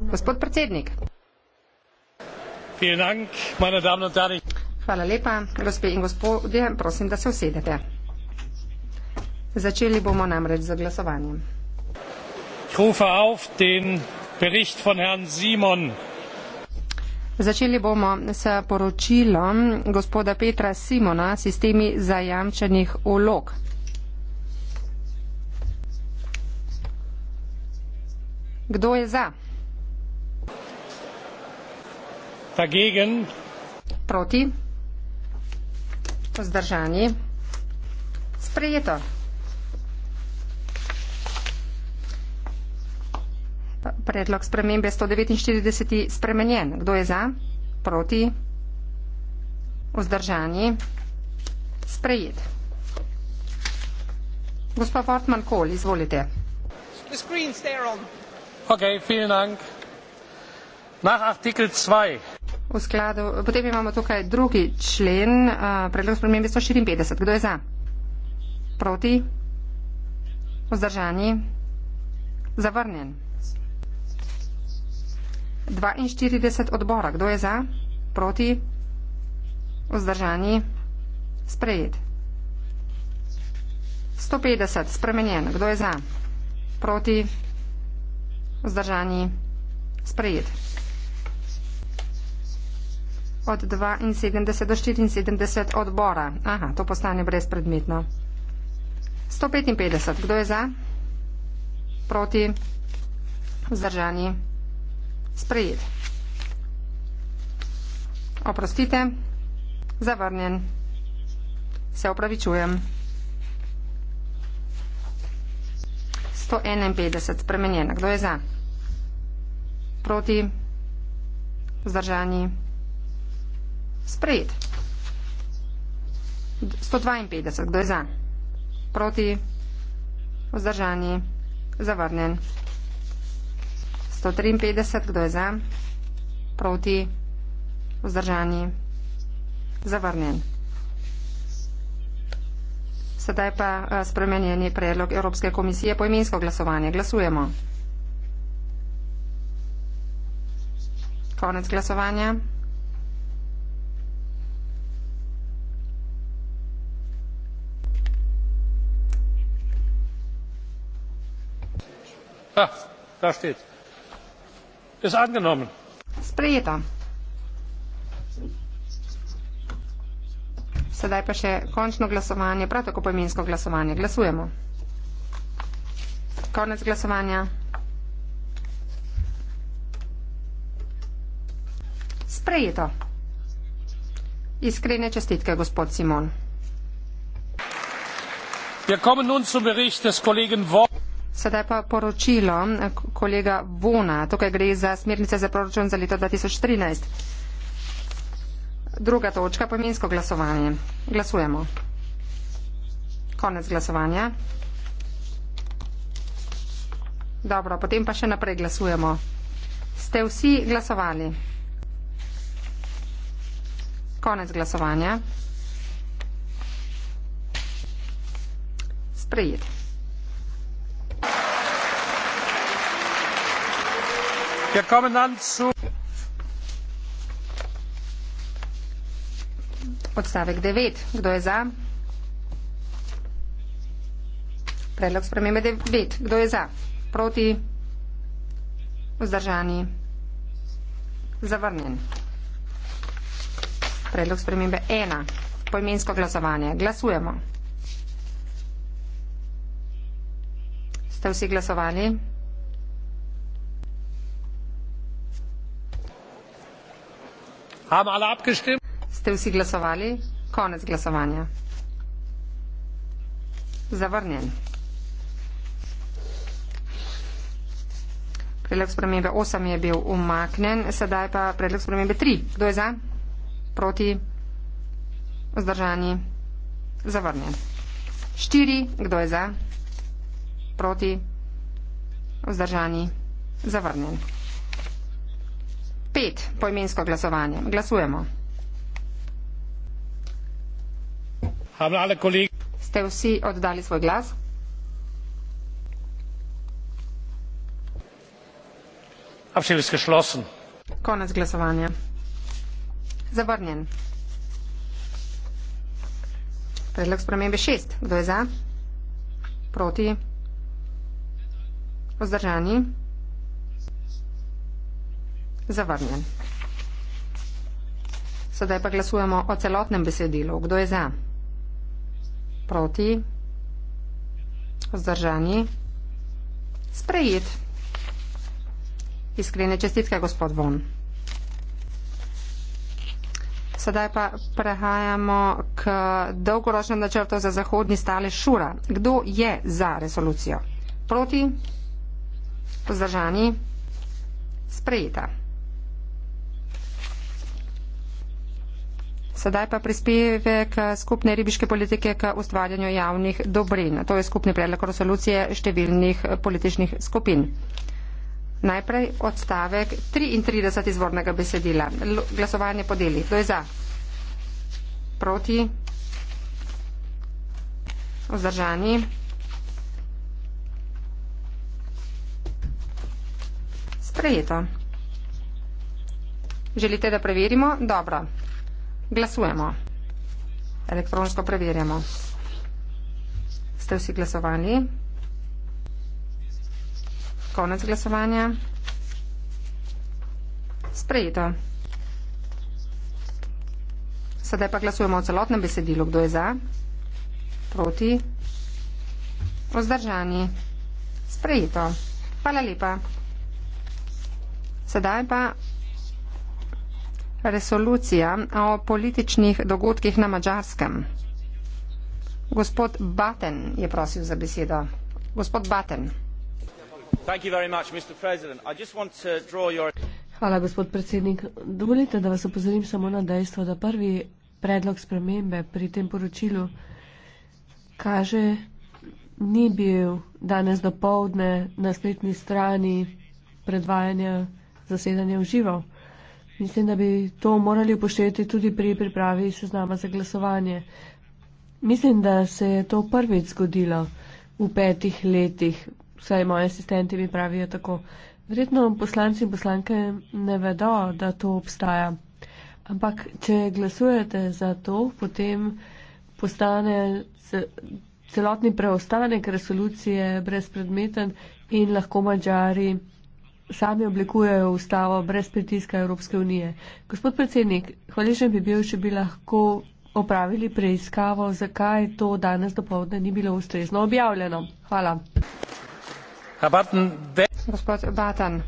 Gospod predsednik. Hvala lepa, gospe in gospodje, prosim, da se usedete. Začeli bomo namreč z glasovanjem. Začeli bomo s poročilom gospoda Petra Simona, sistemi zajamčenih ulog. Kdo je za? Dagegen. Proti? Vzdržani? Sprejeto. Predlog spremembe 149. spremenjen. Kdo je za? Proti? Vzdržani? Sprejet. Gospod Fortman Kohl, izvolite. The screen's there on skladu, potem imamo tukaj drugi člen, eh, predlog spremembe 154. Kdo je za? Proti? Vzdržani? Zavrnjen? 42 odbora. Kdo je za? Proti? Vzdržani? Sprejet. 150. Spremenjen. Kdo je za? Proti? Vzdržani. Sprejet. Od 72 do 74 odbora. Aha, to postane brezpredmetno. 155. Kdo je za? Proti. Vzdržani. Sprejet. Oprostite. Zavrnjen. Se opravičujem. 151. Spremenjena. Kdo je za? Kdo je za? Proti? Vzdržani? Sprejet. 152. Kdo je za? Proti? Vzdržani? Zavrnen. 153. Kdo je za? Proti? Vzdržani? Zavrnen. Sedaj pa eh, spremenjeni predlog Evropske komisije po imensko glasovanje. Glasujemo. Glasujemo. Konec glasovanja. Da, da Sprejeto. Sedaj pa še končno glasovanje, prav tako poimensko glasovanje. Glasujemo. Konec glasovanja. sprejeto. Iskrene čestitke, gospod Simon. Sedaj pa poročilo eh, kolega Vona. Tukaj gre za smernice za proračun za leto 2013. Druga točka, pomensko glasovanje. Glasujemo. Konec glasovanja. Dobro, potem pa še naprej glasujemo. Ste vsi glasovali? Konec glasovanja. Sprejet. Wir kommen dann zu Odstavek 9. Kdo je za? Predlog spremembe 9. Kdo je za? Proti? Vzdržani? Zavrnjen predlog spremembe ena, poimensko glasovanje. Glasujemo. Ste vsi glasovali? Haben alle abgestimmt? Ste vsi glasovali? Konec glasovanja. Zavrnjen. Predlog spremembe 8 je bil umaknen, sedaj pa predlog spremembe 3. Kdo je za? proti vzdržani zavrnjen. Štiri, kdo je za, proti vzdržani zavrnjen. Pet, poimensko glasovanje. Glasujemo. Ste vsi oddali svoj glas? Abschied ist geschlossen. Konnes glasovanje. Zavrnjen. Predlog spremembe šest. Kdo je za? Proti? Vzdržani? Zavrnjen. Sedaj pa glasujemo o celotnem besedilu. Kdo je za? Proti? Vzdržani? Sprejet. Iskrene čestitke, gospod Von sedaj pa prehajamo k dolgoročnem načrtu za zahodni stale Šura. Kdo je za resolucijo? Proti? Zdržani? Sprejeta. Sedaj pa prispevek skupne ribiške politike k ustvarjanju javnih dobrin. To je skupni predlog resolucije številnih političnih skupin. Najprej odstavek 33 izvornega besedila. Glasovanje po deli. Kdo je za? Proti? Vzdržani? Sprejeto. Želite, da preverimo? Dobro. Glasujemo. Elektronsko preverjamo. Ste vsi glasovali? Glasujemo. Konec glasovanja. Sprejeto. Sedaj pa glasujemo o celotnem besedilu. Kdo je za? Proti? Vzdržani? Sprejeto. Hvala lepa. Sedaj pa resolucija o političnih dogodkih na Mačarskem. Gospod Baten je prosil za besedo. Gospod Baten. Hvala, gospod predsednik. Dovolite, da vas opozorim samo na dejstvo, da prvi predlog spremembe pri tem poročilu kaže, ni bil danes do povdne na spletni strani predvajanja zasedanja v živo. Mislim, da bi to morali upoštevati tudi pri pripravi seznama za glasovanje. Mislim, da se je to prvič zgodilo v petih letih vsaj moji asistenti mi pravijo tako. Verjetno poslanci in poslanke ne vedo, da to obstaja. Ampak, če glasujete za to, potem postane celotni preostanek resolucije brezpredmeten in lahko mačari sami oblikujejo ustavo brez pritiska Evropske unije. Gospod predsednik, hvaležen bi bil, če bi lahko opravili preiskavo, zakaj to danes dopovdne ni bilo ustrezno objavljeno. Hvala gospod batten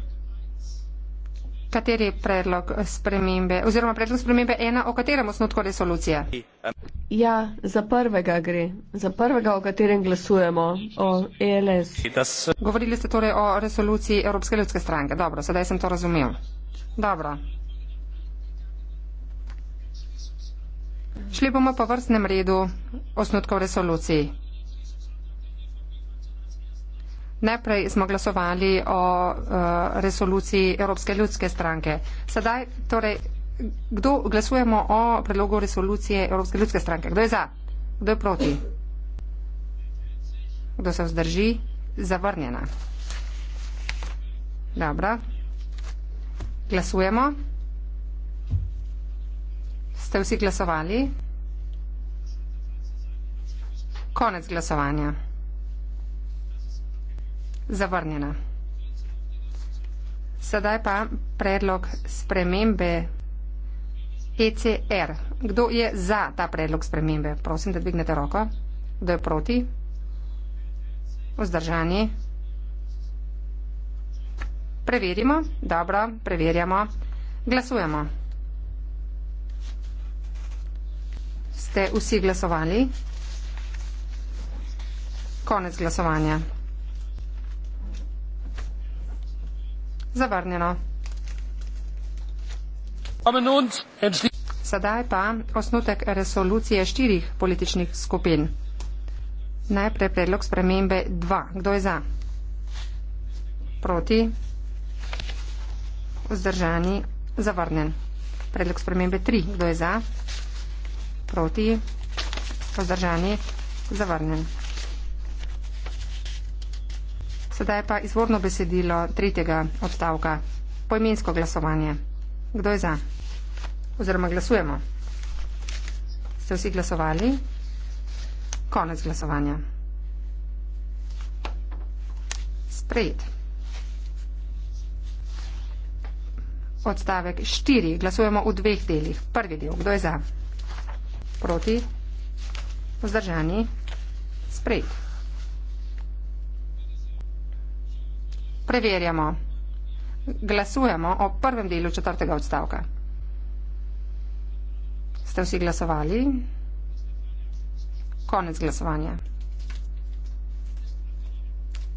kateri predlog spremembe oziroma predlog spremembe ena o katerem osnutku resolucije ja za prvega gre za prvega o katerem glasujemo o els eh, govorili ste torej o resoluciji evropske ljudske stranke dobro sedaj sem to razumel dobro Šli bomo po vrstnem redu osnutkov resolucij. Najprej smo glasovali o uh, resoluciji Evropske ljudske stranke. Sedaj, torej, kdo glasujemo o predlogu resolucije Evropske ljudske stranke? Kdo je za? Kdo je proti? Kdo se vzdrži? Zavrnjena. Dobro. Glasujemo. Ste vsi glasovali? Konec glasovanja zavrnjena. Sedaj pa predlog spremembe ECR. Kdo je za ta predlog spremembe? Prosim, da dvignete roko. Kdo je proti? Vzdržani. Preverimo. Dobro, preverjamo. Glasujemo. Ste vsi glasovali? Konec glasovanja. zavrnjeno sedaj pa osnutek resolucije štirih političnih skupin najprej predlog spremembe dva kdo je za proti vzdržani zavrnjen predlog spremembe tri kdo je za proti vzdržani zavrnjen Sedaj pa izvorno besedilo tretjega odstavka. Poimensko glasovanje. Kdo je za? Oziroma glasujemo. Ste vsi glasovali? Konec glasovanja. Sprejet. Odstavek štiri. Glasujemo v dveh delih. Prvi del. Kdo je za? Proti? Vzdržani? Sprejet. Preverjamo. Glasujemo o prvem delu četrtega odstavka. Ste vsi glasovali? Konec glasovanja.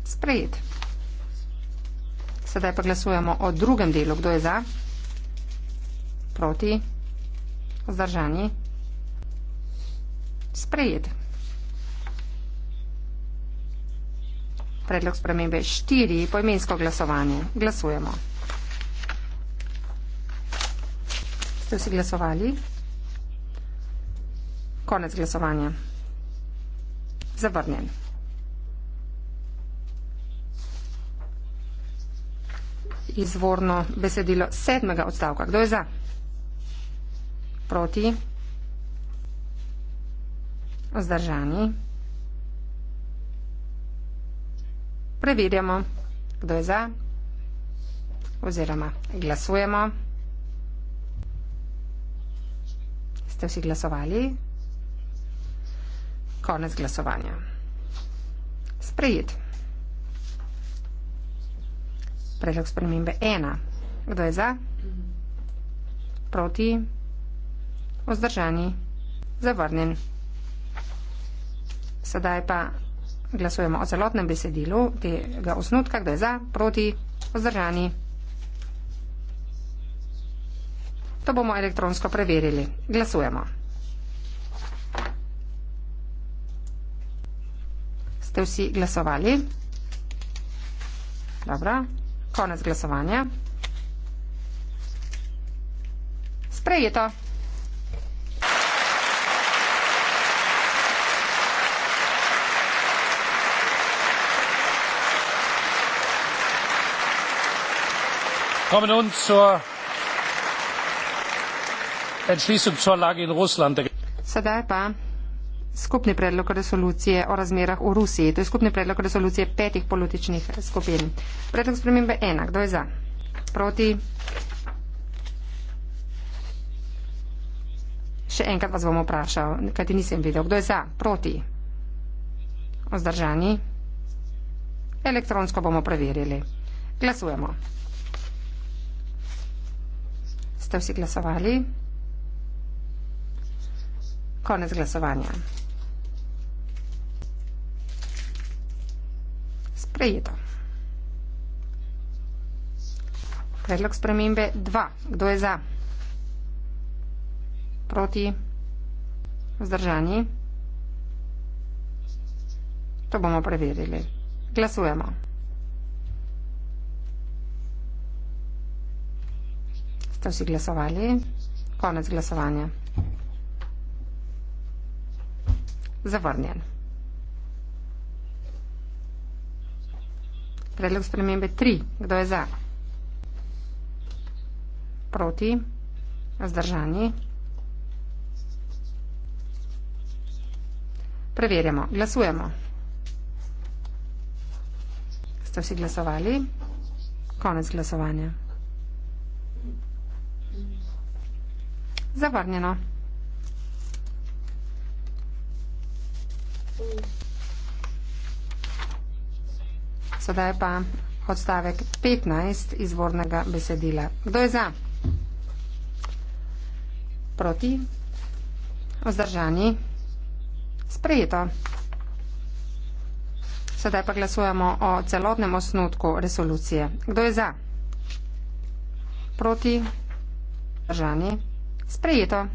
Sprejet. Sedaj pa glasujemo o drugem delu. Kdo je za? Proti? Zdržani? Sprejet. Sprejet. predlog spremembe 4, poimensko glasovanje. Glasujemo. Ste vsi glasovali? Konec glasovanja. Zavrnjen. Izvorno besedilo sedmega odstavka. Kdo je za? Proti? Ozdržani? Proti? preverjamo, kdo je za oziroma glasujemo. Ste vsi glasovali? Konec glasovanja. Sprejet. Predlog spremembe ena. Kdo je za? Proti? Vzdržani? Zavrnjen? Sedaj pa glasujemo o celotnem besedilu tega osnutka, kdo je za, proti, vzdržani. To bomo elektronsko preverili. Glasujemo. Ste vsi glasovali? Dobro, konec glasovanja. Sprejeto. kommen nun zur entschließung zur lage in russland. Sedaj pa skupni predlog resolucije o razmerah v Rusiji. To je skupni predlog resolucije petih političnih skupin. Predlog spremembe enak. Kdo je za? Proti? Še enkrat vas bom vprašal, kajti nisem videl. Kdo je za? Proti? Ozdržani? Elektronsko bomo preverili. Glasujemo ste vsi glasovali? Konec glasovanja. Sprejeto. Predlog spremembe 2. Kdo je za? Proti? Vzdržani? To bomo preverili. Glasujemo. ste vsi glasovali. Konec glasovanja. Zavrnjen. Predlog spremembe 3. Kdo je za? Proti? Zdržani? Preverjamo. Glasujemo. Ste vsi glasovali? Konec glasovanja. zavrnjeno. Sedaj pa odstavek 15 izvornega besedila. Kdo je za? Proti? Vzdržani? Sprejeto. Sedaj pa glasujemo o celotnem osnutku resolucije. Kdo je za? Proti? Vzdržani? Vzdržani? Sprejeto.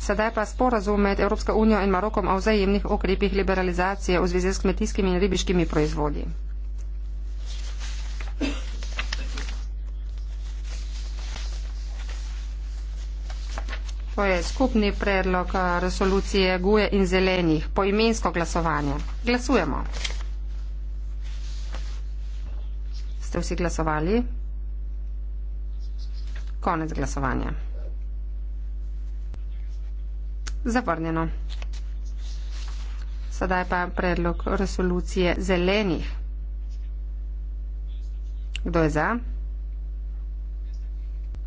Sedaj pa sporazum med Evropsko unijo in Marokom o vzajemnih okrepih liberalizacije v zvezi s kmetijskimi in ribiškimi proizvodi. To je skupni predlog eh, resolucije Guje in zelenih po imensko glasovanje. Glasujemo. Ste vsi glasovali? Konec glasovanja. Zavrnjeno. Sedaj pa predlog resolucije zelenih. Kdo je za?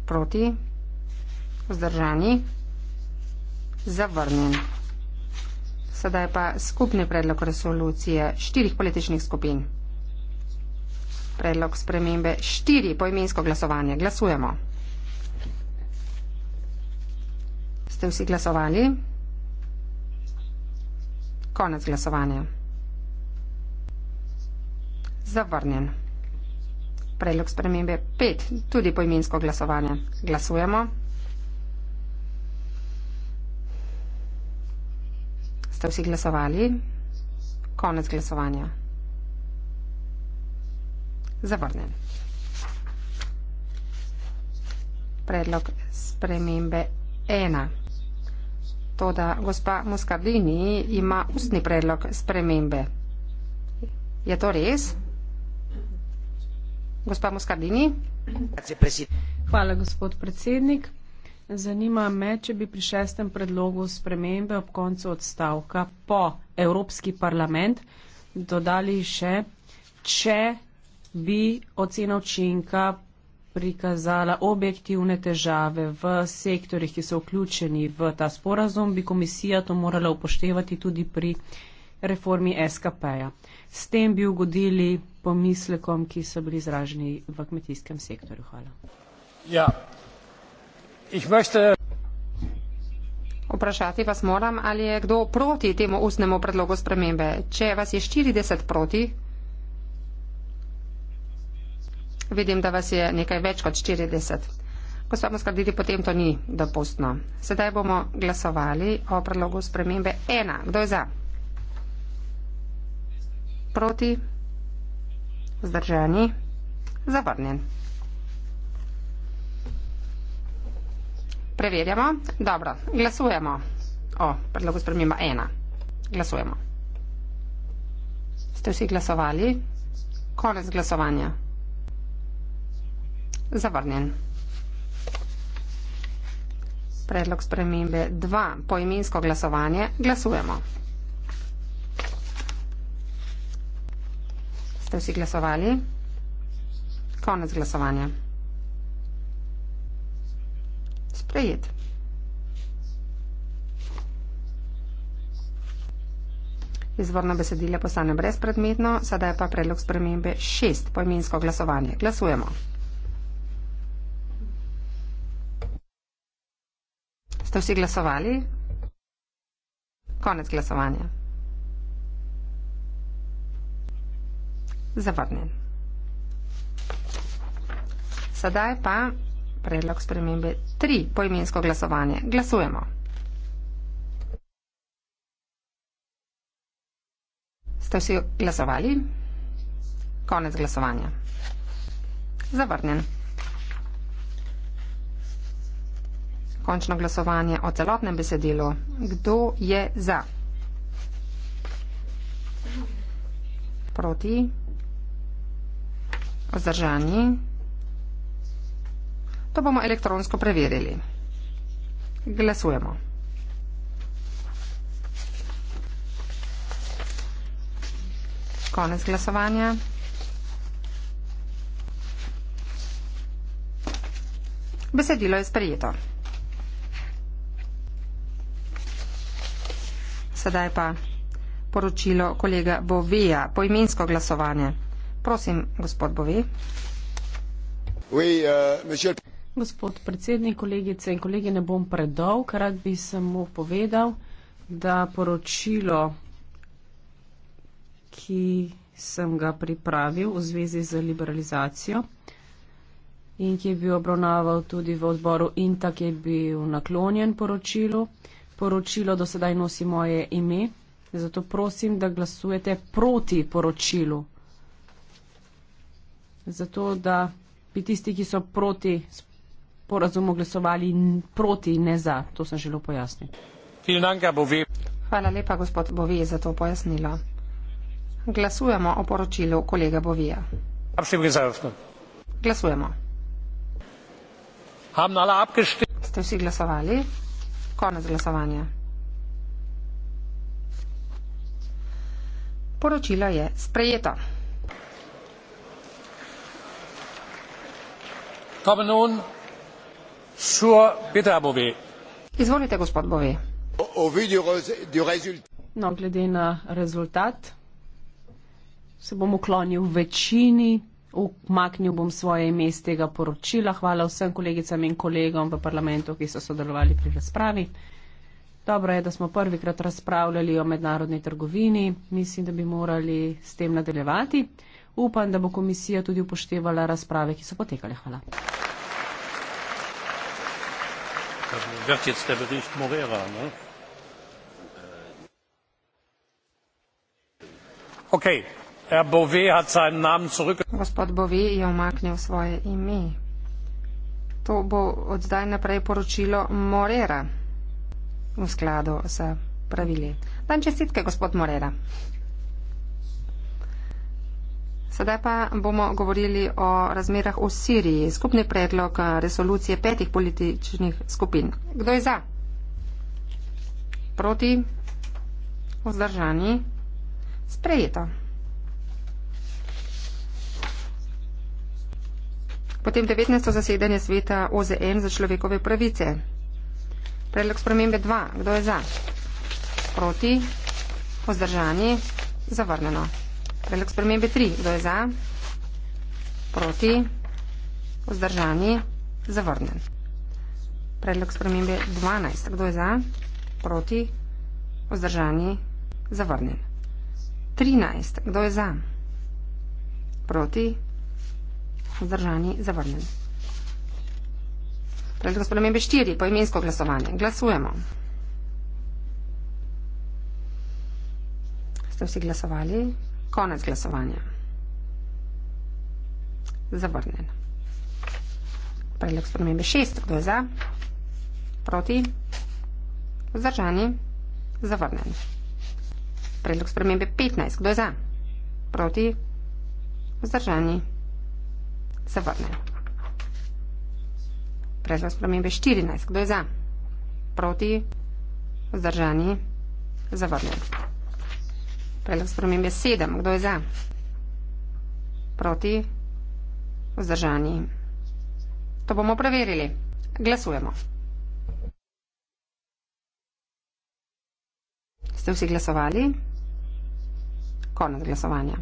Proti? Vzdržani? Zavrnjen. Sedaj pa skupni predlog resolucije štirih političnih skupin predlog spremembe štiri poimensko glasovanje. Glasujemo. Ste vsi glasovali? Konec glasovanja. Zavrnjen. Predlog spremembe pet, tudi poimensko glasovanje. Glasujemo. Ste vsi glasovali? Konec glasovanja zavrnjen. Predlog spremembe ena. Toda gospa Muscardini ima ustni predlog spremembe. Je to res? Gospa Muscardini? Hvala, gospod predsednik. Zanima me, če bi pri šestem predlogu spremembe ob koncu odstavka po Evropski parlament dodali še, če bi ocena učinka prikazala objektivne težave v sektorjih, ki so vključeni v ta sporazum, bi komisija to morala upoštevati tudi pri reformi SKP-ja. S tem bi ugodili pomislekom, ki so bili izraženi v kmetijskem sektorju. Hvala. Ja. Vprašati vas moram, ali je kdo proti temu ustnemu predlogu spremembe. Če vas je 40 proti, Vidim, da vas je nekaj več kot 40. Ko smo skrbeli, potem to ni dopustno. Sedaj bomo glasovali o predlogu spremembe 1. Kdo je za? Proti? Zdržani? Zavrnjen. Preverjamo. Dobro, glasujemo o predlogu spremembe 1. Glasujemo. Ste vsi glasovali? Konec glasovanja. Zavrnjen. Predlog spremembe 2. Poimensko glasovanje. Glasujemo. Ste vsi glasovali? Konec glasovanja. Sprejet. Izvorno besedilo postane brezpredmetno, sedaj pa predlog spremembe 6. Poimensko glasovanje. Glasujemo. Ste vsi glasovali? Konec glasovanja. Zavrnjen. Sedaj pa predlog spremembe 3 poimensko glasovanje. Glasujemo. Ste vsi glasovali? Konec glasovanja. Zavrnjen. končno glasovanje o celotnem besedilu. Kdo je za? Proti? Ozdržani? To bomo elektronsko preverili. Glasujemo. Konec glasovanja. Besedilo je sprejeto. Sedaj pa poročilo kolega Boveja, poimensko glasovanje. Prosim, gospod Bove. Oui, uh, gospod predsednik, kolegice in kolegi, ne bom predolg, rad bi samo povedal, da poročilo, ki sem ga pripravil v zvezi z liberalizacijo in ki je bil obravnaval tudi v odboru in tak je bil naklonjen poročilu, uh, poročilo do sedaj nosi moje ime, zato prosim, da glasujete proti poročilu. Zato, da bi tisti, ki so proti sporazumu glasovali proti, ne za. To sem želel pojasniti. Hvala lepa, gospod Bovi, za to pojasnilo. Glasujemo o poročilu kolega Bovija. Glasujemo. Ste vsi glasovali? Konec glasovanja. Poročilo je sprejeto. Kommen nun zur Petra Bove. Izvolite, gospod Bove. No, glede na rezultat, se bom uklonil večini Umaknil bom svoje ime iz tega poročila. Hvala vsem kolegicam in kolegom v parlamentu, ki so sodelovali pri razpravi. Dobro je, da smo prvikrat razpravljali o mednarodni trgovini. Mislim, da bi morali s tem nadaljevati. Upam, da bo komisija tudi upoštevala razprave, ki so potekale. Hvala. Okay. Herr Bové hat seinen Namen zurückgezogen. To bo od zdaj naprej poročilo Morera v skladu s pravili. Dan čestitke, gospod Morera. Sedaj pa bomo govorili o razmerah v Siriji. Skupni predlog resolucije petih političnih skupin. Kdo je za? Proti? Vzdržani? Sprejeto. potem 19. zasedanje sveta OZN za človekove pravice. Predlog spremembe 2. Kdo je za? Proti? Ozdržani? Zavrnjeno. Predlog spremembe 3. Kdo je za? Proti? Ozdržani? Zavrnjen. Predlog spremembe 12. Kdo je za? Proti? Ozdržani? Zavrnjen. 13. Kdo je za? Proti? Vzdržani zavrnjen. Predlog spremembe 4. Poimensko glasovanje. Glasujemo. Ste vsi glasovali? Konec glasovanja. Zavrnjen. Predlog spremembe 6. Kdo je za? Proti? Vzdržani? Zavrnjen. Predlog spremembe 15. Kdo je za? Proti? Vzdržani? Zavrnjen zavrnjen. Predlog spremembe 14. Kdo je za? Proti? Zdržani? Zavrnjen. Predlog spremembe 7. Kdo je za? Proti? Zdržani? To bomo preverili. Glasujemo. Ste vsi glasovali? Konec glasovanja.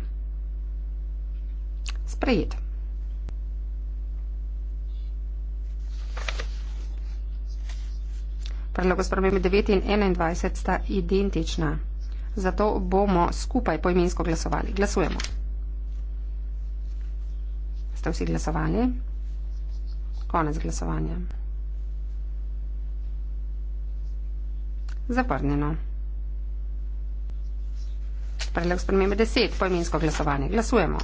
Sprejeti. Predloga spremembe 9 in 21 sta identična. Zato bomo skupaj poimensko glasovali. Glasujemo. Ste vsi glasovali? Konec glasovanja. Zavrnjeno. Predlog spremembe 10. Poimensko glasovanje. Glasujemo.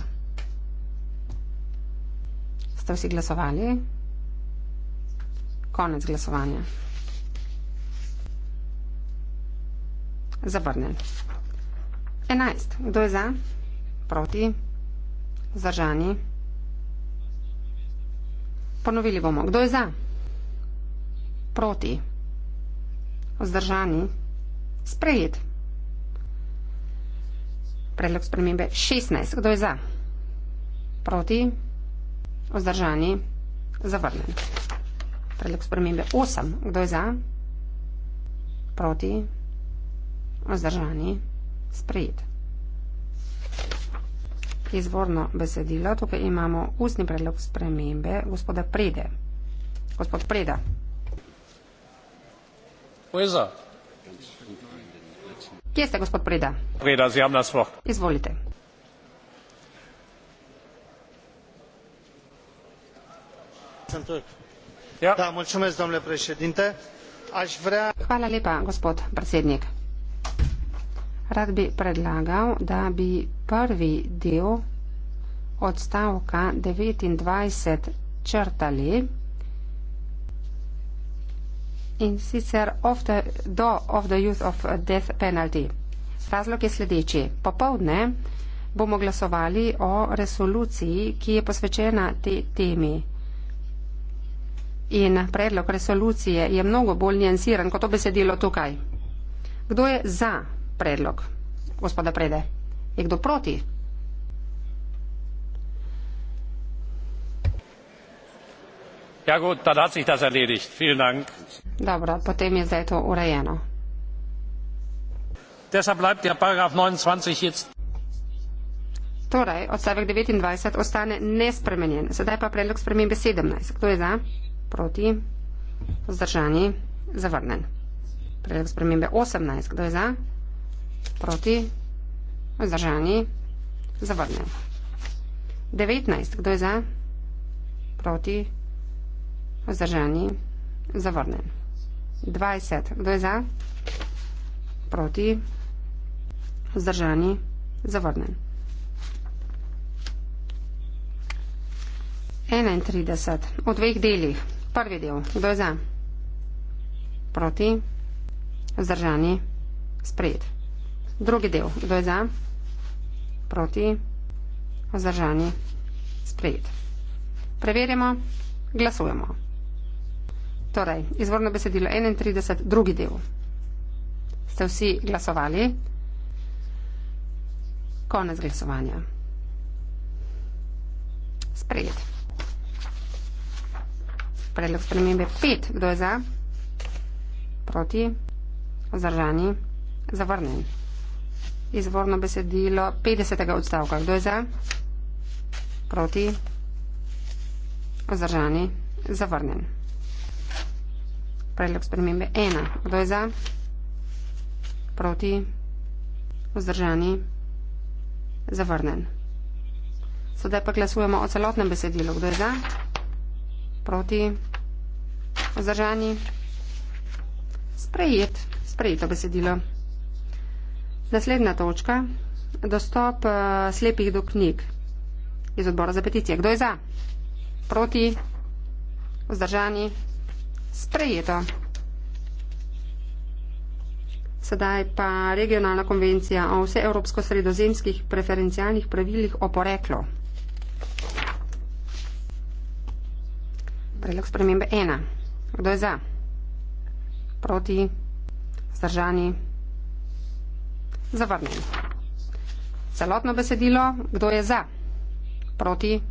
Ste vsi glasovali? Konec glasovanja. Zavrnjen. 11. Kdo je za? Proti? Zdržani? Ponovili bomo. Kdo je za? Proti? Zdržani? Sprejet. Predlog spremembe 16. Kdo je za? Proti? Zdržani? Zavrnjen. Predlog spremembe 8. Kdo je za? Proti? Zdržani? vzdržani, sprejet. Izvorno besedilo, tukaj imamo ustni predlog spremembe gospoda Prede. Gospod Preda. Poeza. Kje ste, gospod Preda? Preda, zjam na svoh. Izvolite. Sem Turk. Ja. Da, mulčumesc, domnule președinte. Aș vrea... Hvala lepa, gospod predsednik. Rad bi predlagal, da bi prvi del odstavka 29 črtali in sicer of the, do of the use of death penalty. Razlog je sledeči. Popovdne bomo glasovali o resoluciji, ki je posvečena te temi. In predlog resolucije je mnogo bolj njen siren kot to besedilo tukaj. Kdo je za predlog. Gospoda Prede, je kdo proti? Ja, gut, dann hat sich das erledigt. Vielen Dank. Dobro, potem je zdaj to urejeno. Deshalb bleibt der Paragraph 29 jetzt. Torej, odstavek 29 ostane nespremenjen. Sedaj pa predlog spremembe 17. Kdo je za? Proti? Zdržani? Zavrnen. Predlog spremembe 18. Kdo je za? Proti? Zdržani? Zavrnem. 19. Kdo je za? Proti? Zdržani? Zavrnem. 20. Kdo je za? Proti? Zdržani? Zavrnem. 31. V dveh delih. Prvi del. Kdo je za? Proti? Zdržani? Sprejeti. Drugi del. Kdo je za? Proti? Vzdržani? Sprejet. Preverjamo. Glasujemo. Torej, izvorno besedilo 31, drugi del. Ste vsi glasovali? Konec glasovanja. Sprejet. Predlog spremembe 5. Kdo je za? Proti? Vzdržani? Zavrnjen izvorno besedilo 50. odstavka. Kdo je za? Proti? Ozdržani? Zavrnen. Predlog spremembe 1. Kdo je za? Proti? Ozdržani? Zavrnen. Sedaj pa glasujemo o celotnem besedilu. Kdo je za? Proti? Ozdržani? Sprejet. Sprejeto besedilo. Naslednja točka. Dostop uh, slepih do knjig iz odbora za peticije. Kdo je za? Proti? Vzdržani? Sprejeto. Sedaj pa regionalna konvencija o vseevropsko-sredozemskih preferencialnih pravilih o poreklu. Predlog spremembe 1. Kdo je za? Proti? Vzdržani? zavrnjen. Celotno besedilo, kdo je za, proti.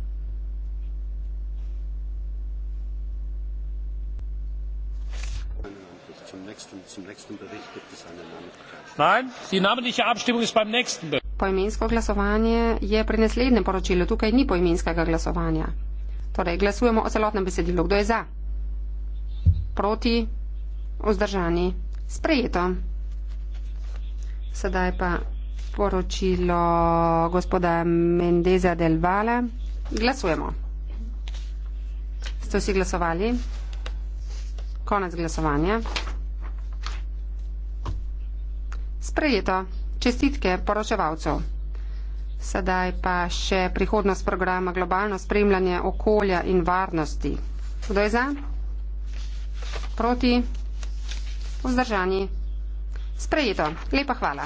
Nein, die namenliche Abstimmung ist beim nächsten. Poimensko glasovanje je pri naslednjem poročilu. Tukaj ni poimenskega glasovanja. Torej, glasujemo o celotnem besedilu. Kdo je za? Proti? Vzdržani? Sprejeto. Sedaj pa poročilo gospoda Mendeza del Vale. Glasujemo. Ste vsi glasovali? Konec glasovanja. Sprejeto. Čestitke poročevalcu. Sedaj pa še prihodnost programa Globalno spremljanje okolja in varnosti. Kdo je za? Proti? Vzdržani. Sprejeto. Lepa hvala.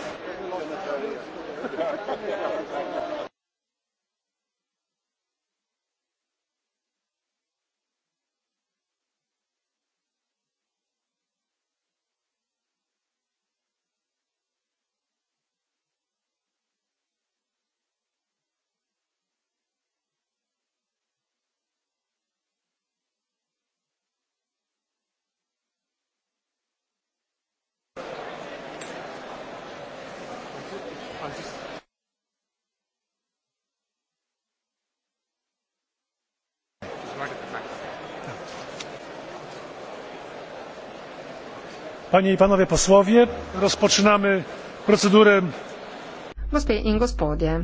panie i panowie posłowie rozpoczynamy procedurę gospodarczą.